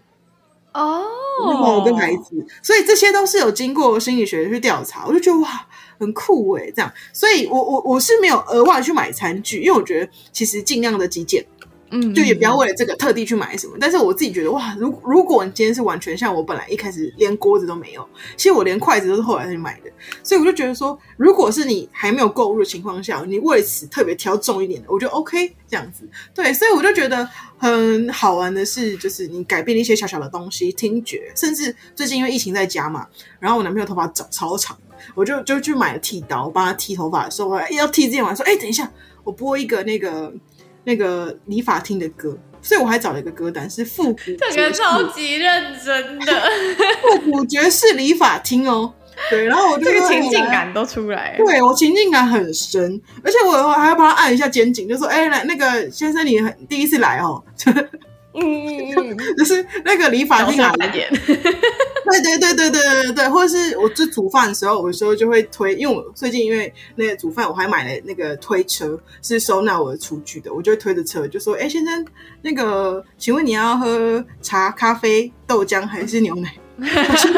哦、oh，某個牌子，所以這些都是有經過心理學去調查，我就覺得哇，很酷誒、欸，這樣，所以我我我是沒有額外去買餐具，因為我覺得其實盡量的極簡。嗯，就也不要為了這個特地去買什麼。嗯嗯嗯，但是我自己覺得，哇，如果如果你今天是完全像我本來一開始連鍋子都沒有，其實我連筷子都是後來才買的。所以我就覺得說，如果是你還沒有購入的情況下，你為此特別挑重一點的，我覺得 OK 這樣子。對，所以我就覺得很好玩的是，就是你改變一些小小的東西，聽覺，甚至最近因為疫情在家嘛，然後我男朋友頭髮長超長，我就就去買了剃刀，我幫他剃頭髮的時候，我要剃之前我說，哎、欸，等一下，我播一個那個。那個理髮廳的歌，所以我還找了一個歌單是復古，這個超級認真的復 古爵士理髮廳哦。對，然後我，我這個情境感都出來，對我情境感很深，而且我以後還要幫他按一下肩頸，就說：“哎、欸，來那個先生，你第一次來哦、喔。”嗯， 就是那個理髮廳啊，老 對對對對對對對，或者是我吃煮飯的時候，有時候就會推，因為我最近因為那個煮飯，我還買了那個推車，是收納我的廚具的，我就會推着車，就說：“哎、欸，先生，那個請問你要喝茶、咖啡、豆漿還是牛奶？”我先，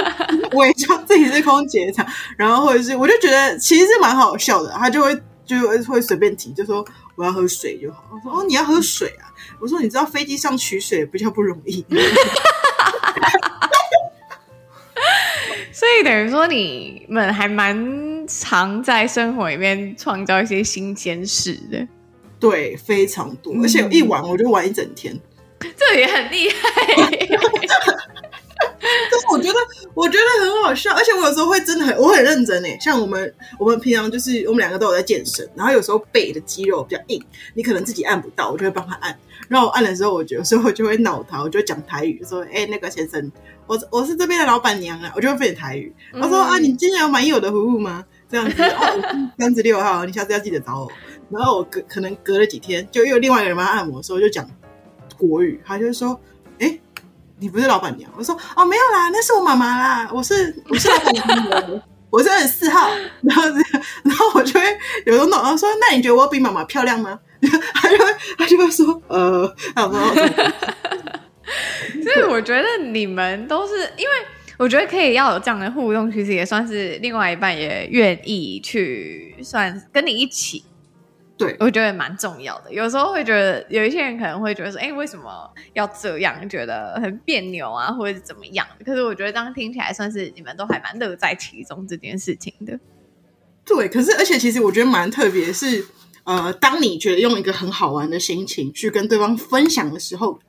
我也說自己是空姐，這樣，然後或者是，我就覺得其實是蠻好笑的，他就會就會隨便提，就說我要喝水就好。我說：“哦，你要喝水啊？”我說：“你知道飛機上取水比較不容易。 ”所以等於說，你們還蠻常在生活裡面創造一些新鮮事的。對，非常多，而且一玩，我就玩一整天，嗯，這也很厲害。 但是我覺得，我覺得很好笑，而且我有時候會真的很，我很認真誒。像我們，我們平常就是我們兩個都有在健身，然後有時候背的肌肉比較硬，你可能自己按不到，我就會幫他按。然後我按的時候，我有時候我就會鬧他，我就講台語，說：“哎、欸，那個先生，我我是這邊的老板娘、啊，我就會背台語。嗯”他說：“啊，你今天有滿意我的服務嗎？”這樣子。三十六號，你下次要記得找我。然後我隔可能隔了幾天，就又有另外一個人幫他按摩的時候，我就講國語，他就說。你不是老闆娘，我說哦沒有啦，那是我媽媽啦，我是我是老闆娘 我是二十四號，然後這樣然後我就會有人問我說，那你覺得我比媽媽漂亮嗎？然後他就會他就會說呃，好不好？所以我覺得你們都是，因為我覺得可以要有這樣的互動，其實也算是另外一半也願意去算跟你一起。對，我覺得也蠻重要的。有時候會覺得，有一些人可能會覺得說：“哎，為什麼要這樣？”覺得很彆扭啊，或者是怎麼樣。可是我覺得這樣聽起來算是你們都還蠻樂在其中這件事情的。對，可是而且其實我覺得蠻特別是，是呃，當你覺得用一個很好玩的心情去跟對方分享的時候，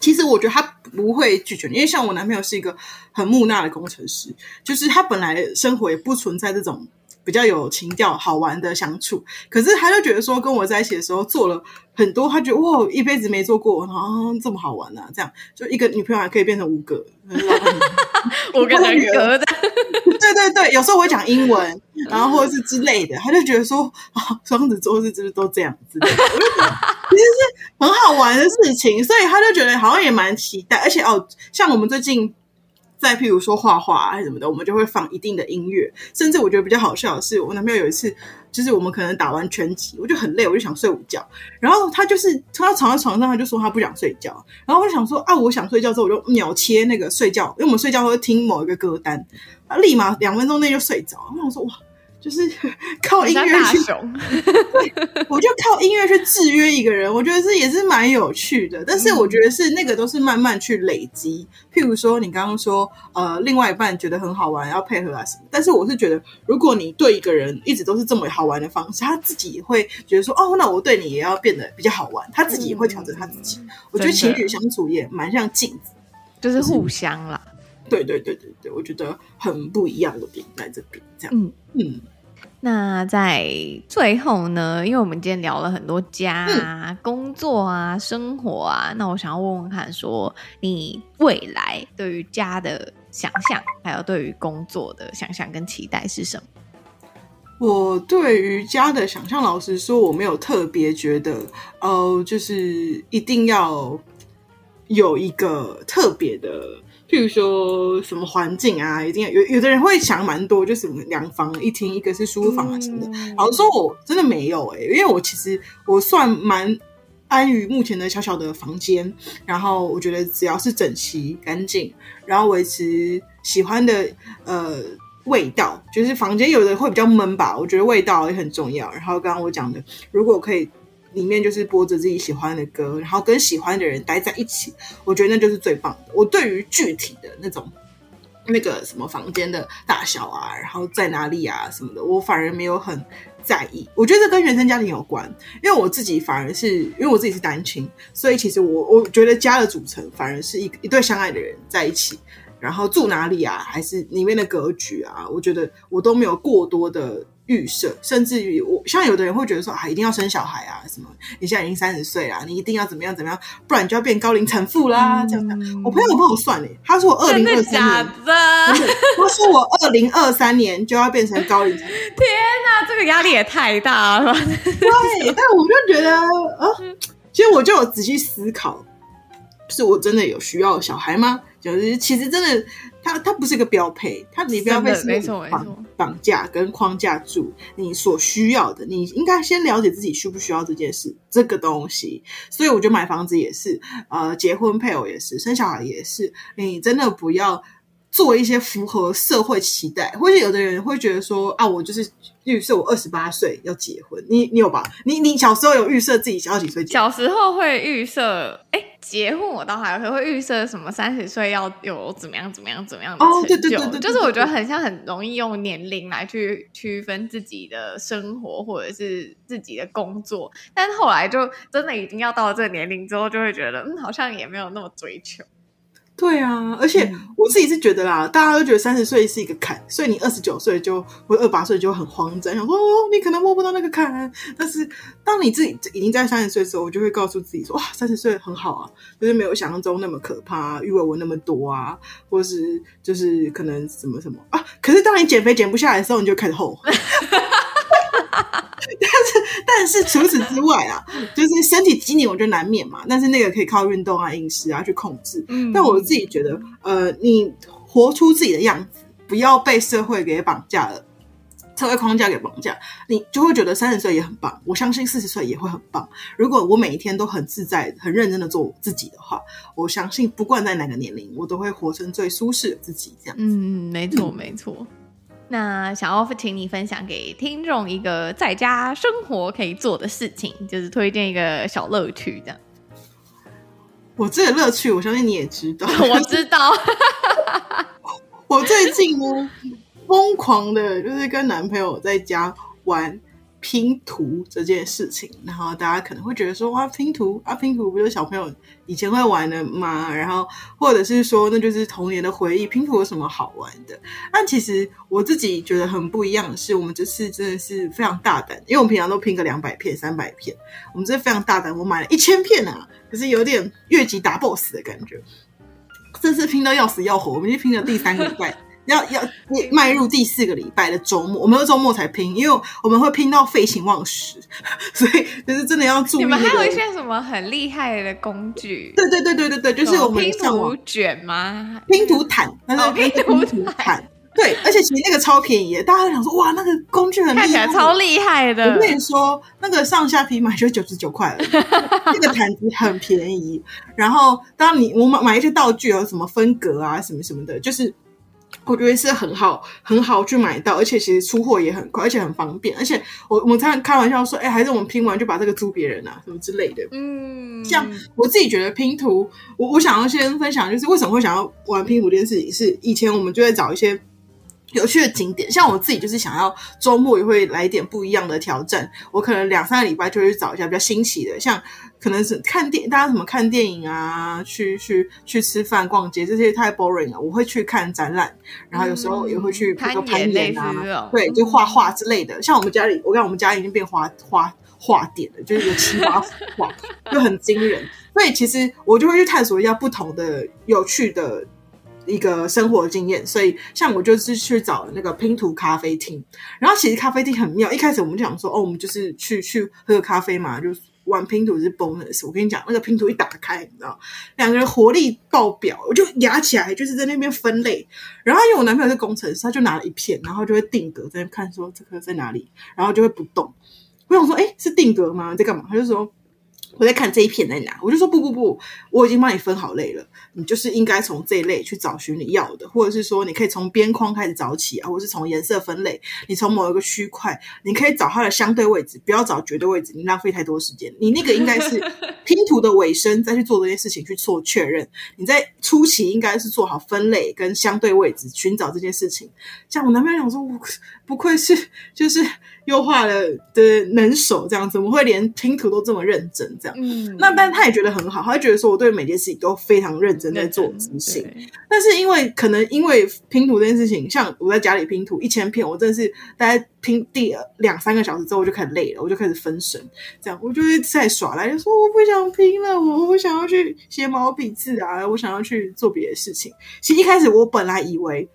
其實我覺得他不會拒絕你，因為像我男朋友是一個很木訥的工程師，就是他本來生活也不存在這種。比較有情調、好玩的相處，可是他就覺得說，跟我在一起的時候做了很多，他覺得哇，一輩子沒做過，啊，這麼好玩啊。這樣就一個女朋友還可以變成五個，我跟女的， 對對對，有時候我會講英文，然後或者是之類的，他就覺得說啊，雙子座是不是都這樣子？我就覺得，其實是很好玩的事情，所以他就覺得好像也蠻期待，而且哦，像我們最近。再譬如說畫畫啊什麼的，我們就會放一定的音樂。甚至我覺得比較好笑的是，我男朋友有一次，就是我們可能打完拳擊，我就很累，我就想睡午覺。然後他就是他躺在床、床上，他就說他不想睡覺。然後我就想說啊，我想睡覺之後，我就秒切那個睡覺，因為我們睡覺會聽某一個歌單，他、啊、立馬兩分鐘內就睡着。然後我說哇。就是靠音樂去對。 我就靠音樂去制約一個人，我覺得是也是蠻有趣的。但是我覺得是那個都是慢慢去累積，嗯。譬如說，你剛剛說，你剛剛說呃，另外一半覺得很好玩，要配合啊什麼。但是我是覺得，如果你對一個人一直都是這麼好玩的方式，他自己也會覺得說，哦，那我對你也要變得比較好玩，他自己也會調整他自己，嗯。我覺得情侶相處也蠻像鏡子，就是互相了。就是嗯對對對對對，我覺得很不一樣的點在這邊，這樣。嗯嗯。那在最後呢，因為我們今天聊了很多家啊、嗯、工作啊、生活啊，那我想要問問看說，說你未來對於家的想象，還有對於工作的想象跟期待是什麼？我對於家的想象，老實說，我沒有特別覺得，哦、呃，就是一定要有一個特別的。譬如說什麼環境啊，一定要有，有的人會想蠻多，就什麼兩房一廳，一個是書房啊什麼的。然後說，我真的沒有哎、欸，因為我其實我算蠻安於目前的小小的房間，然後我覺得只要是整齊乾淨，然後維持喜歡的呃味道，就是房間有的會比較悶吧，我覺得味道也很重要。然後剛剛我講的，如果可以。裡面就是播着自己喜歡的歌，然後跟喜歡的人待在一起，我覺得那就是最棒的。我對於具體的那種那個什麼房間的大小啊，然後在哪裡啊什麼的，我反而沒有很在意。我覺得這跟原生家庭有關，因為我自己反而是因為我自己是單親，所以其實我我覺得家的組成反而是一一對相愛的人在一起，然後住哪裡啊，還是裡面的格局啊，我覺得我都沒有過多的。預設，甚至於我像有的人會覺得說，啊，一定要生小孩啊，什麼，你現在已經三十歲了，你一定要怎麼樣怎麼樣，不然你就要變高齡產婦啦、嗯，這樣子、嗯。我朋友幫我朋友算的，他說我二零二三年，不是，他說我二零二三年就要變成高齡，天哪、啊，這個壓力也太大了。 對，但我就覺得，啊，其實我就有仔細思考，是我真的有需要小孩嗎？就是其實真的，它、它不是一個標配，它你不要被思維綁，沒錯沒錯，綁架跟框架住。你所需要的，你應該先了解自己需不需要這件事，這個東西。所以我覺得買房子也是，呃，結婚、配偶也是，生小孩也是，你真的不要。做一些符合社會期待，或者有的人會覺得說啊，我就是預設我二十八歲要結婚。你你有吧？你你小時候有預設自己要幾歲結婚？小時候會預設，哎，結婚我倒還有會預設什麼三十歲要有怎麼樣怎麼樣怎麼樣的成就。哦，對對對，對對對對，就是我覺得很像很容易用年齡來去區分自己的生活或者是自己的工作，但後來就真的已經要到了這個年齡之後，就會覺得嗯，好像也沒有那麼追求。對啊，而且我自己是覺得啦，嗯、大家都覺得三十歲是一個坎，所以你二十九歲就或二十八歲就很慌張，想說哦，你可能摸不到那個坎。但是當你自己已經在三十歲的時候，我就會告訴自己說，哇，三十歲很好啊，就是沒有想象中那麼可怕、啊，因為我那麼多啊，或是就是可能什麼什麼啊。可是當你減肥減不下來的時候，你就開始後悔。 但是但是除此之外啊， 就是身體機能，我覺得難免嘛。但是那個可以靠運動啊、飲食啊去控制。嗯。但我自己覺得，呃，你活出自己的樣子，不要被社會給綁架了，社會框架給綁架，你就會覺得三十歲也很棒。我相信四十歲也會很棒。如果我每一天都很自在、很認真的做我自己的話，我相信不管在哪個年齡，我都會活成最舒適的自己。這樣嗯，沒錯、嗯，沒錯。那想要請你分享給聽眾一個在家生活可以做的事情，就是推薦一個小樂趣這樣。的，我這個樂趣，我相信你也知道， 我知道。 我最近呢，瘋狂的，就是跟男朋友在家玩拼圖這件事情，然後大家可能會覺得說，哇，拼圖啊，拼圖不就是小朋友以前會玩的嘛，然後或者是說，那就是童年的回憶，拼圖有什麼好玩的？但其實我自己覺得很不一樣的是，我們這次真的是非常大膽，因為我們平常都拼個兩百片、三百片，我們這非常大膽，我買了一千片啊，可是有點越級打 BOSS 的感覺，這次拼到要死要活，我們就拼了第三個怪。 要要你邁入第四個禮拜的周末，我們的周末才拼，因為我們會拼到廢寢忘食，所以就是真的要注意。你們還有一些什麼很厲害的工具？對對對對對對，就是我們拼圖卷嗎？拼圖毯、哦？拼圖毯，拼圖毯。對，而且其實那個超便宜的，大家都想說哇，那個工具很厲害，超厲害的。我跟你說，那個上下皮買就九十九塊了，那 個毯子很便宜。然後當你我買買一些道具，有什麼分隔啊，什麼什麼的，就是。我覺得是很好，很好去買到，而且其實出貨也很快，而且很方便。而且我我們開開玩笑說，哎、欸，還是我們拼完就把這個租別人啊，什麼之類的。嗯，像我自己覺得拼圖，我我想要先分享，就是為什麼會想要玩拼圖這件事情，是以前我們就在找一些。有趣的景點，像我自己就是想要周末也會來一點不一樣的挑戰。我可能兩三個禮拜就會去找一下比較新奇的，像可能是看電，大家什麼看電影啊，去去去吃飯、逛街這些太 boring 了。我會去看展覽，然後有時候也會去拍拍岩啊，對，就畫畫之類的。像我們家裡，我看我們家已經變畫畫畫點了，就是有七八幅畫， 就很驚人。所以其實我就會去探索一下不同的有趣的。一個生活經驗，所以像我就是去找那個拼圖咖啡廳，然後其實咖啡廳很妙。一開始我們就想說，哦，我們就是去去喝個咖啡嘛，就玩拼圖是 bonus。我跟你講，那個拼圖一打開，你知道，兩個人活力爆表，我就壓起來，就是在那邊分類。然後因為我男朋友是工程師，他就拿了一片，然後就會定格在那看，說這個在哪裡，然後就會不動。我想說，哎、欸，是定格嗎？在幹嘛？他就說。我在看這一片在哪，我就說不不不，我已經幫你分好類了，你就是應該從這一類去找尋你要的，或者是說你可以從邊框開始找起啊，或是從顏色分類，你從某一個區塊，你可以找它的相對位置，不要找絕對位置，你浪費太多時間，你那個應該是。 拼圖的尾聲再去做這件事情，去做確認。你在初期應該是做好分類跟相對位置，尋找這件事情。像我男朋友講說，我不愧是就是優化了的能手，這樣子，我會連拼圖都這麼認真？這樣，嗯，那但他也覺得很好，他覺得說我對每件事情都非常認真在做執行。但是因為可能因為拼圖這件事情，像我在家裡拼圖一千片，我真的是大家拼第二，兩三個小時之後，我就開始累了，我就開始分神，這樣我就會在耍賴，就說我不想拼了，我我想要去寫毛筆字啊，我想要去做別的事情。其實一開始我本來以為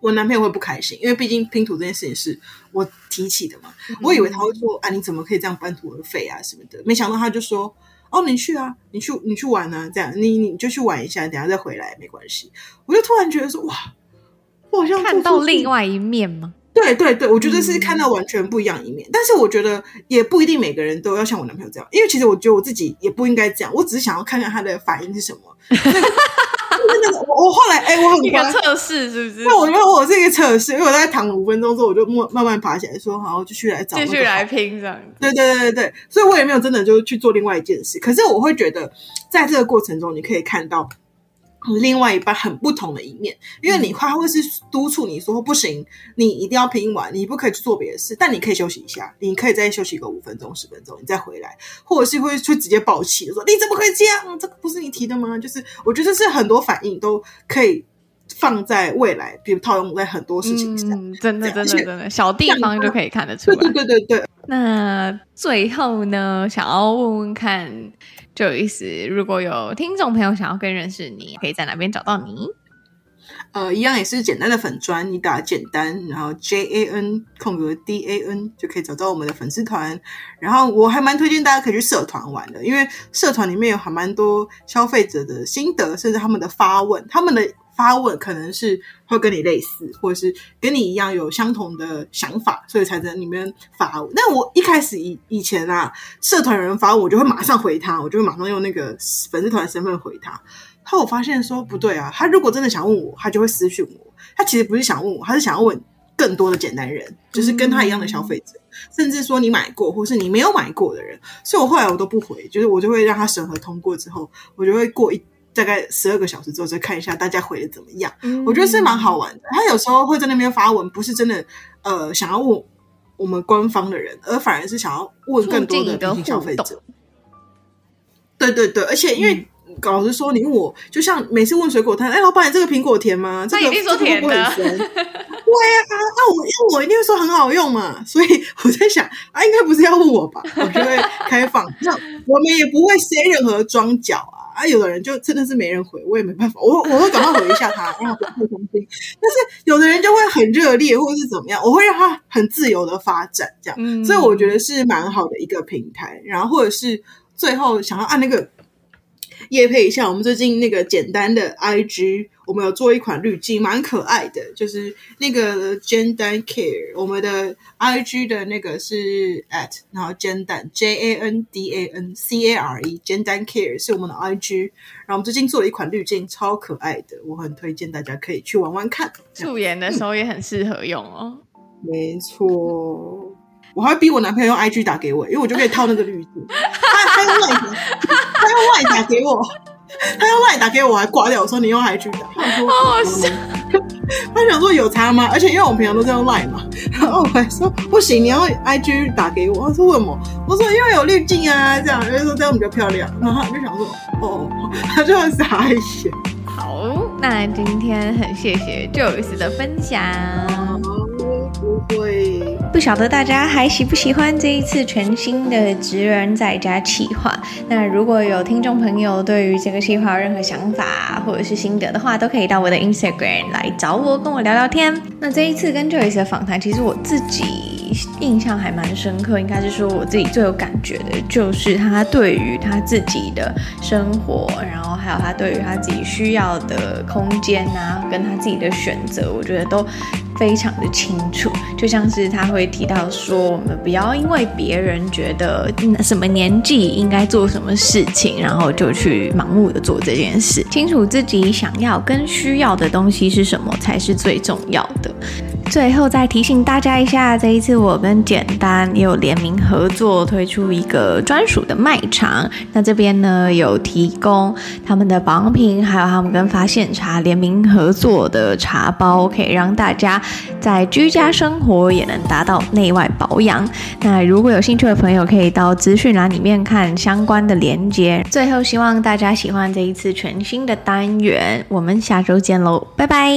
我男朋友會不開心，因為畢竟拼圖這件事情是我提起的嘛，嗯、我以為他會說啊，你怎麼可以這樣半途而廢啊什麼的。沒想到他就說哦，你去啊，你去你去玩啊，這樣你你就去玩一下，等下再回來沒關係。我就突然覺得說哇，我好像做做看到另外一面嗎？對對對，我覺得是看到完全不一樣一面，嗯，但是我覺得也不一定每個人都要像我男朋友這樣，因為其實我覺得我自己也不應該這樣，我只是想要看看他的反應是什麼。 就是那個我我後來誒、欸、我很一個測試是不是？那我覺得我是一個測試，因為我在躺五分鐘之後，我就慢慢爬起來說：“好，我繼續來找，繼續來拼，這樣。”對對對對對，所以我也沒有真的就是去做另外一件事，可是我會覺得在這個過程中，你可以看到。和另外一半很不同的一面，因為你他會是督促你說不行，你一定要拼完，你不可以去做別的事，但你可以休息一下，你可以再休息個五分鐘、十分鐘，你再回來，或者是會去直接爆氣，說你怎麼可以這樣？這個不是你提的嗎？就是我覺得是很多反應都可以。放在未來，比如套用在很多事情上，嗯、真的真的真的，小地方就可以看得出來。對對對對，對。那最後呢，想要問問看，就有意思。如果有聽眾朋友想要更認識你，可以在哪邊找到你？嗯、呃，一樣也是簡單的粉專，你打簡單，然後 J A N 空格 D A N 就可以找到我們的粉絲團。然後我還蠻推薦大家可以去社團玩的，因為社團裡面有還蠻多消費者的心得，甚至他們的發問，他們的。發問可能是會跟你類似，或者是跟你一樣有相同的想法，所以才在裡面發。那我一開始以以前啊，社團有人發我，我就會馬上回他，我就會馬上用那個粉絲團的身份回他。後我發現說不對啊，他如果真的想問我，他就會私訊我。他其實不是想問我，他是想要問更多的簡單人，就是跟他一樣的消費者，嗯、甚至說你買過或是你沒有買過的人。所以我後來我都不回，就是我就會讓他審核通過之後，我就會過一。大概十二個小時之後再看一下大家回的怎麼樣，我覺得是蠻好玩的。他有時候會在那邊發文，不是真的，呃，想要問我們官方的人，而反而是想要問更多的消費者。對對對，而且因為老實說，你問我，就像每次問水果攤，哎，老闆，你這個蘋果甜嗎？這個蘋果很甜。對呀，那我因為我一定會說很好用嘛，所以我在想，啊，應該不是要問我吧？我覺得開放，這樣我們也不會塞任何裝腳。啊，有的人就真的是沒人回，我也沒辦法，我我會趕快回一下他，然後他不傷心。但是有的人就會很熱烈，或者是怎麼樣，我會讓他很自由的發展這樣，嗯，所以我覺得是蠻好的一個平台。然後或者是最後想要按那個。業配一下，我們最近那個簡單的 IG，我們有做一款濾鏡，蠻可愛的，就是那個簡單 Care，我們的 IG 的那個是 at，然後簡單 J A N D A N C A R E，簡單 Care 是我們的 IG，然後我們最近做了一款濾鏡，超可愛的，我很推薦大家可以去玩玩看，素顏的時候、嗯、也很適合用哦，沒錯。我還會逼我男朋友用 IG 打給我，因為我就可以套那個濾鏡。他他用 Line，他用 Line 打給我，他用 Line 打，打給我，還掛掉。我說你用 IG 打。他說哦，oh, 他想說有差嗎？而且因為我們平常都是用 Line 嘛，然後我還說不行，你要 IG 打給我。他說為什麼？我說因為有濾鏡啊，這樣所以說這樣比較漂亮。然後他就想說哦，他就很傻一些。好，那今天很謝謝 Joyce 的分享。對，不曉得大家還喜不喜歡這一次全新的職人在家企劃？那如果有聽眾朋友對於這個企劃有任何想法或者是心得的話，都可以到我的 Instagram 來找我，跟我聊聊天。那這一次跟 Joyce 的訪談，其實我自己。印象還蠻深刻，應該是說我自己最有感覺的，就是他對於他自己的生活，然後還有他對於他自己需要的空間啊，跟他自己的選擇，我覺得都非常的清楚。就像是他會提到說，我們不要因為別人覺得什麼年紀應該做什麼事情，然後就去盲目的做這件事。清楚自己想要跟需要的東西是什麼，才是最重要的。最後再提醒大家一下，這一次我跟簡單也有聯名合作推出一個專屬的賣場。那這邊呢，有提供他們的保養品，還有他們跟發現茶聯名合作的茶包，可以讓大家在居家生活也能達到內外保養。那如果有興趣的朋友，可以到資訊欄裡面看相關的連結。最後希望大家喜歡這一次全新的單元，我們下週見嘍，拜拜。